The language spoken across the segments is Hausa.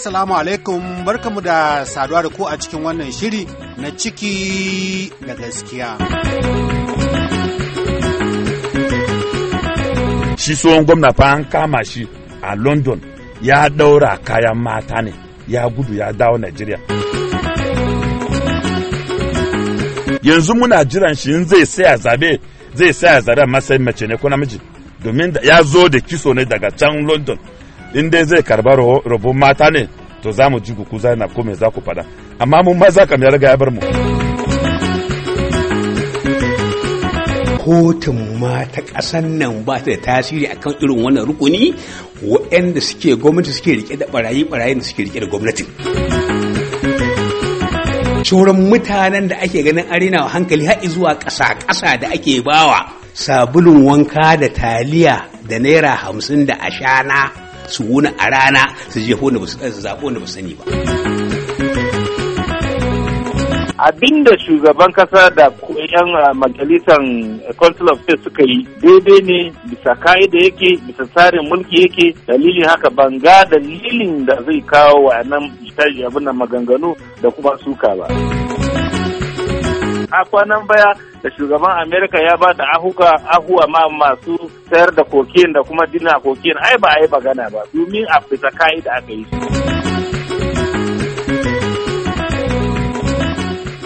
Assalamu alaikum barkamu da saduwa da ku a cikin wannan shiri na ciki da gaskiya. Shi tsohon gwamna fa an kama shi a London ya ɗaura kayan mata ne ya gudu ya dawo Najeriya. Yanzu muna jiran shi in zai saya zabe zai saya zaren masai mace ne ko namiji domin ya zo da kiso ne daga can London. in dai zai karba rabon mata ne to za mu ji ku na ko za ku faɗa amma mun maza kam ya riga ya bar mu kotun ma ƙasan nan ba ta da tasiri akan irin wannan rukuni waɗanda suke gwamnati suke rike da barayi barayi da suke rike da gwamnati. sauran mutanen da ake ganin arena hankali haɗi zuwa ƙasa ƙasa da ake bawa sabulun wanka da taliya da naira hamsin da ashana su wuni a rana su je wanda su wanda ba eh, sani ba abinda shugaban kasa da yan ah, majalisar eh, council of state suka yi daidai ne bisa ka'ida yake bisa tsarin mulki yake dalilin haka ban ga dalilin da zai kawo wa nan abin maganganu da kuma suka ba. a kwanan baya da shugaban amerika ya ba da ahuka ahuwa ma masu sayar da kokin da kuma dina kokin ai ba a yi magana ba domin a fita ka'ida aka yi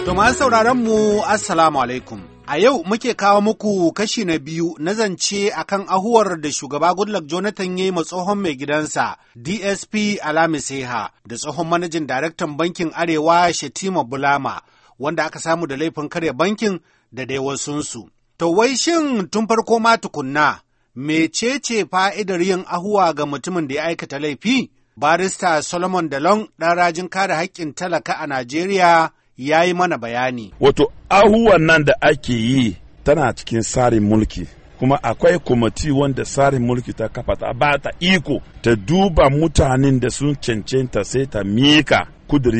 to masu sauraron mu assalamu alaikum A yau muke kawo muku kashi na biyu na zance akan ahuwar da shugaba Goodluck Jonathan ya yi ma tsohon mai gidansa DSP Alamiseha da tsohon manajin daraktan bankin Arewa Shetima Bulama wanda aka samu da laifin karya bankin da dai wasunsu. To wai shin tun farko ma tukunna, mecece fa'idar yin ahuwa ga mutumin da ya aikata laifi? Barista Solomon Dalon ɗan rajin kare haƙƙin talaka a Najeriya ya yi mana bayani. Wato, ahuwan nan da ake yi tana cikin tsarin mulki, kuma akwai kumati wanda tsarin mulki ta kafa ta ba ta iko ta duba mutanen da sun cancanta sai ta mika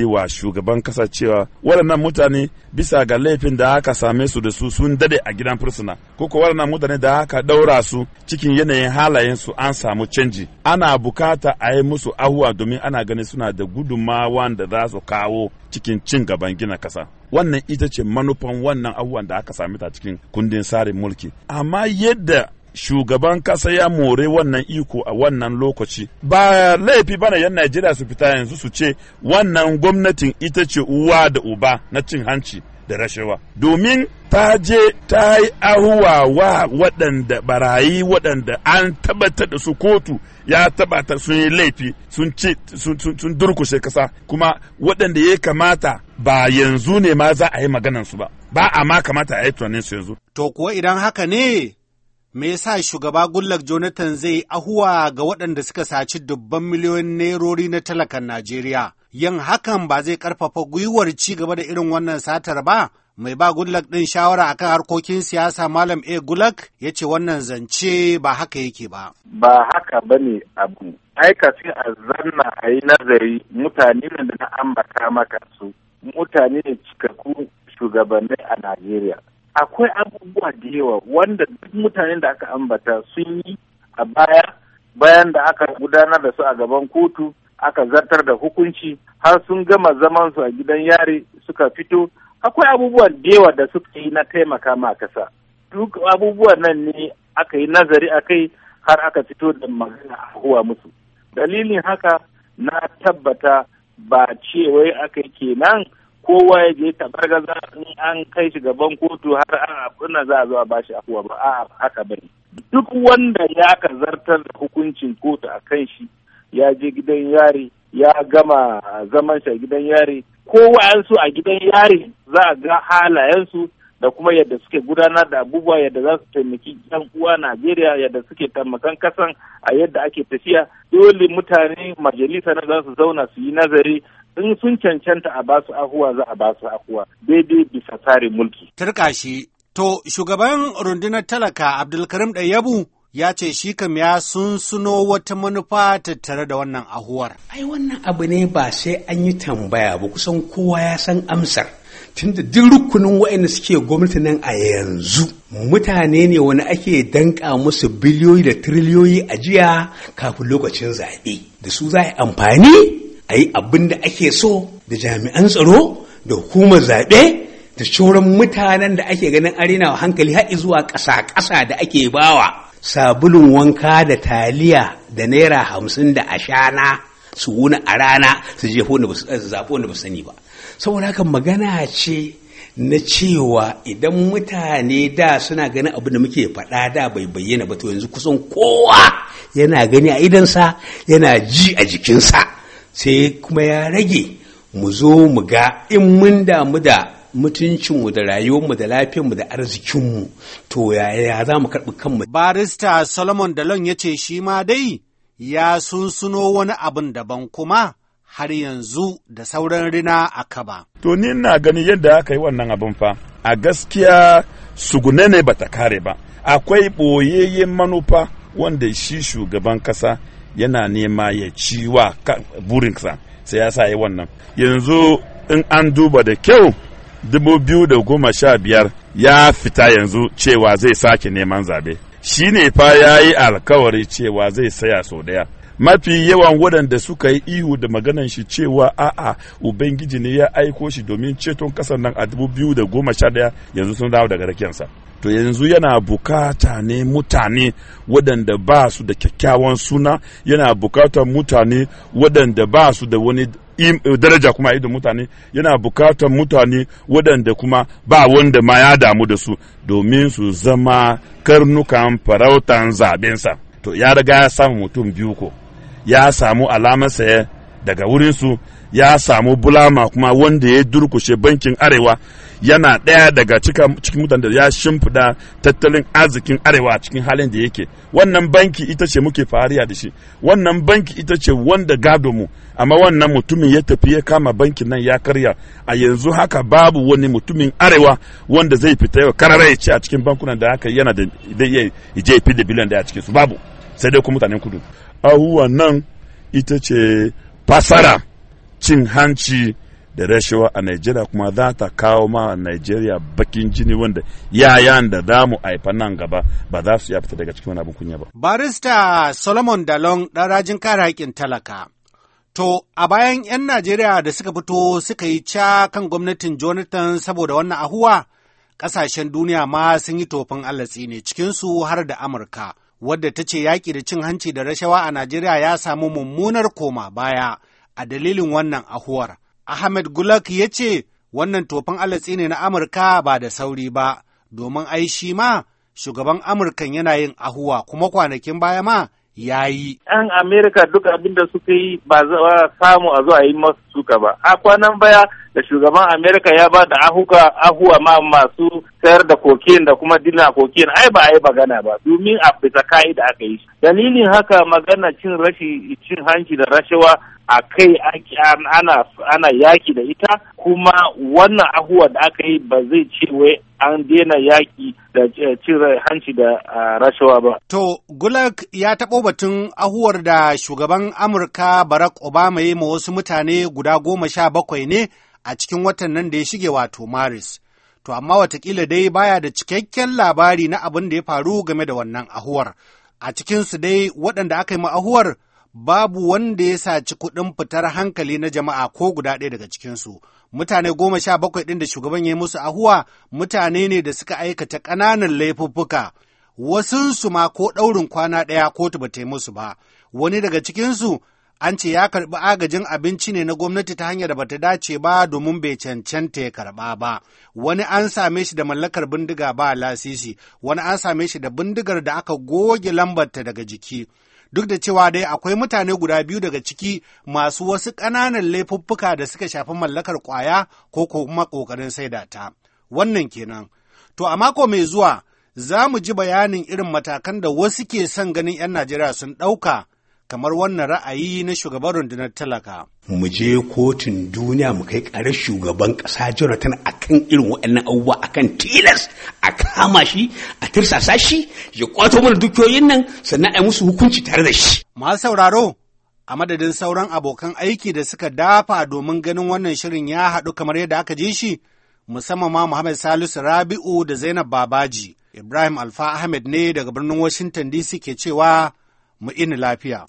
wa shugaban kasa cewa waɗannan mutane bisa ga laifin da aka same su da su sun dade a gidan fursuna ko ko waɗannan mutane da aka ɗaura su cikin yanayin halayen su an samu canji ana bukata a yi musu ahuwa domin ana ganin suna da gudunmawa da za su kawo cikin cin gaban gina kasa wannan ita ce manufan wannan abubuwan da aka sami ta cikin kundin tsarin mulki amma yadda shugaban kasa ya more wannan iko a wannan lokaci ba laifi bana yan Najeriya su fita yanzu su ce wannan gwamnatin ita ce uwa da uba na cin hanci da rashawa domin ta je ta yi ahuwa wa waɗanda barayi waɗanda an tabbatar da su kotu ya tabbatar sun yi laifi sun ce sun durkushe kasa kuma waɗanda ya kamata ba yanzu ne ma za a yi maganansu ba ba a ma kamata a yi tunanin su yanzu to kuwa idan haka ne me yasa shugaba Goodluck Jonathan zai ahuwa ga waɗanda suka saci dubban miliyoyin nerori na talakan Najeriya. Yan hakan ba zai ƙarfafa gwiwar ci gaba da irin wannan satar ba, mai ba Goodluck ɗin shawara akan harkokin siyasa Malam A. Goodluck ya ce wannan zance ba haka yake ba. Ba haka ba ne abu. Ai a zanna a yi nazari mutane da na ambata maka su, mutane ne cikakku shugabanni a Najeriya. akwai abubuwa da yawa wanda duk mutanen da aka ambata sun yi a baya bayan da aka gudanar da su a gaban kotu aka zartar da hukunci har sun gama zaman su a gidan yari suka fito akwai abubuwa da yawa da suka yi na taimaka ma kasa duk abubuwan nan ne aka yi nazari a kai har aka fito da magana a huwa musu dalilin haka na tabbata ba ce wai aka yi kenan kowa ya je tabargaza in an kai shi gaban kotu har an abuna za a zo a bashi afuwa ba a haka bane duk wanda ya ka zartar da hukuncin kotu a kan shi ya je gidan yari ya gama zaman shi a gidan yari su a gidan yari za a ga halayensu da kuma yadda suke gudanar da abubuwa yadda za su taimaki yan uwa Najeriya yadda suke taimakan kasan a yadda ake tafiya dole mutane majalisa na za su zauna su yi nazari in sun cancanta a basu ahuwa za a basu ahuwa daidai bisa tsarin mulki. Turka shi, to shugaban rundunar talaka Abdulkarim Ɗayyabu ya ce shi kam ya sun suno wata manufa ta tare da wannan ahuwar. Ai wannan abu ne ba sai an yi tambaya ba kusan kowa ya san amsar. Tunda duk rukunin waɗanda suke gwamnati nan a yanzu mutane ne wani ake danka musu biliyoyi da tiriliyoyi a jiya kafin lokacin zaɓe. Da su za a yi amfani a yi abin da ake so da jami'an tsaro da hukumar zaɓe da shoran mutanen da ake ganin arena wa hankali har zuwa ƙasa-ƙasa da ake bawa sabulun wanka da taliya da naira hamsin da ashana su wuni a rana su je zaɓo wanda ba eh, sani ba saboda haka magana ce na cewa idan mutane da suna ganin abu da muke faɗa da bai bayyana ba to yanzu kusan kowa yana gani a idansa yana ji a jikinsa sai kuma ya rage mu zo mu ga in mun damu da mutuncinmu da rayuwarmu da lafiyarmu da arzikinmu to yaya za mu karɓi kanmu. Barista Solomon Dalon ya ce shi ma dai ya sunsuno wani abin daban kuma har yanzu da sauran rina a kaba. To ni ina gani yadda aka yi wannan abin fa a gaskiya sugune ne bata kare ba akwai ɓoyayyen manufa wanda shi shugaban kasa yana nema ya ci wa burinsa sai ya sa yi wannan yanzu in an duba da kyau dubu biyu da goma sha biyar ya fita yanzu cewa zai sake neman zabe shi ne fa ya yi alkawari cewa zai saya sau daya mafi yawan waɗanda suka yi ihu da maganan shi cewa a'a ubangiji ne ya aiko shi domin ceton ƙasar nan a dubu biyu da goma sha daya yanzu sun dawo daga rakensa to yanzu yana bukata ne mutane waɗanda ba su da kyakkyawan suna yana bukatar mutane waɗanda ba su da wani daraja kuma idon mutane yana bukatar mutane waɗanda kuma ba wanda ma ya damu da su domin su zama karnukan farautan zabensa to ya riga ya samu mutum biyu ko ya samu alamarsa daga wurinsu ya samu bulama kuma wanda ya durkushe bankin arewa yana ɗaya daga cikin mutane da ya shimfida tattalin arzikin arewa a cikin halin da yake wannan banki ita ce muke fariya da shi wannan banki ita ce wanda gado mu amma wannan mutumin ya tafi ya kama bankin nan ya karya a yanzu haka babu wani mutumin arewa wanda zai fita yau karara ya ce a cikin bankunan da haka yana da zai iya ije fi da biliyan da a cikin su babu sai dai kuma mutanen kudu ahuwa nan ita ce fasara cin hanci da rashawa a Najeriya kuma za ta kawo ma Najeriya bakin jini wanda yayan da za mu haifa nan gaba ba za su iya fita daga cikin wani abin kunya ba. Barista Solomon Dalon ɗan rajin kare haƙƙin talaka. To, a bayan 'yan Najeriya da suka fito suka yi ca kan gwamnatin Jonathan saboda wannan ahuwa, ƙasashen duniya ma sun yi tofin allatsi ne cikinsu har da Amurka, wadda ta ce yaƙi da cin hanci da rashawa a Najeriya ya samu mummunar koma baya. a dalilin wannan ahuwar. Ahmed Gulak ya ce wannan tofin alatsi ne na Amurka ba da sauri ba, domin ai shi ma shugaban Amurkan yana yin ahuwa kuma kwanakin baya ma ya yi. ‘Yan Amerika duk abin da suka yi ba za samu a zuwa yi masu suka ba. A kwanan baya da shugaban Amerika ya ba da ahuka ahuwa ma masu sayar da kokin da kuma dina kokin ai ba ai magana ba domin a bisa ka'ida aka yi. Dalilin haka magana cin rashi cin hanci da rashawa a kai ana yaki da ita kuma wannan ahuwa da aka yi ba zai ce wai an daina yaki da eh, cire hanci da ah, rashawa ba. To, Gulak ya taɓo batun ahuwar da shugaban Amurka Barack Obama ya ma wasu mutane guda goma sha bakwai ne a cikin watan nan da ya shige wato Maris. To, amma watakila dai baya da cikakken labari na abin da ya faru game da wannan ahuwar. A cikinsu dai waɗanda aka yi ma ahuwar babu wanda ya saci kuɗin fitar hankali na jama'a ko guda ɗaya daga cikinsu. Mutane goma sha bakwai ɗin da shugaban ya yi musu ahuwa mutane ne da suka aikata ƙananan laifuffuka. Wasunsu ma ko ɗaurin kwana ɗaya kotu ba ta yi musu ba. Wani daga cikinsu an ce ya karɓi agajin abinci ne na gwamnati ta hanyar da bata dace ba domin bai cancanta ya karɓa ba wani an same shi da mallakar bindiga ba lasisi wani an same shi da bindigar da aka goge lambarta daga jiki duk da cewa dai akwai mutane guda biyu daga ciki masu wasu ƙananan laifuffuka da suka shafi mallakar ƙwaya ko kuma ƙoƙarin saida ta. Wannan kenan. To a mako mai zuwa za mu ji bayanin irin matakan da wasu ke son ganin 'yan Najeriya sun ɗauka kamar wannan ra'ayi na shugaban rundunar talaka. Mu je kotun duniya mu kai kare shugaban ƙasa Jonathan kan irin waɗannan abubuwa kan tilas a kama shi a tirsasa shi ya kwato mana dukiyoyin nan sannan a yi musu hukunci tare da shi. Ma sauraro a madadin sauran abokan aiki da suka dafa domin ganin wannan shirin ya haɗu kamar yadda aka ji shi musamman ma Muhammad Salisu Rabi'u da Zainab Babaji. Ibrahim Alfa Ahmed ne daga birnin Washington DC ke cewa mu ini lafiya.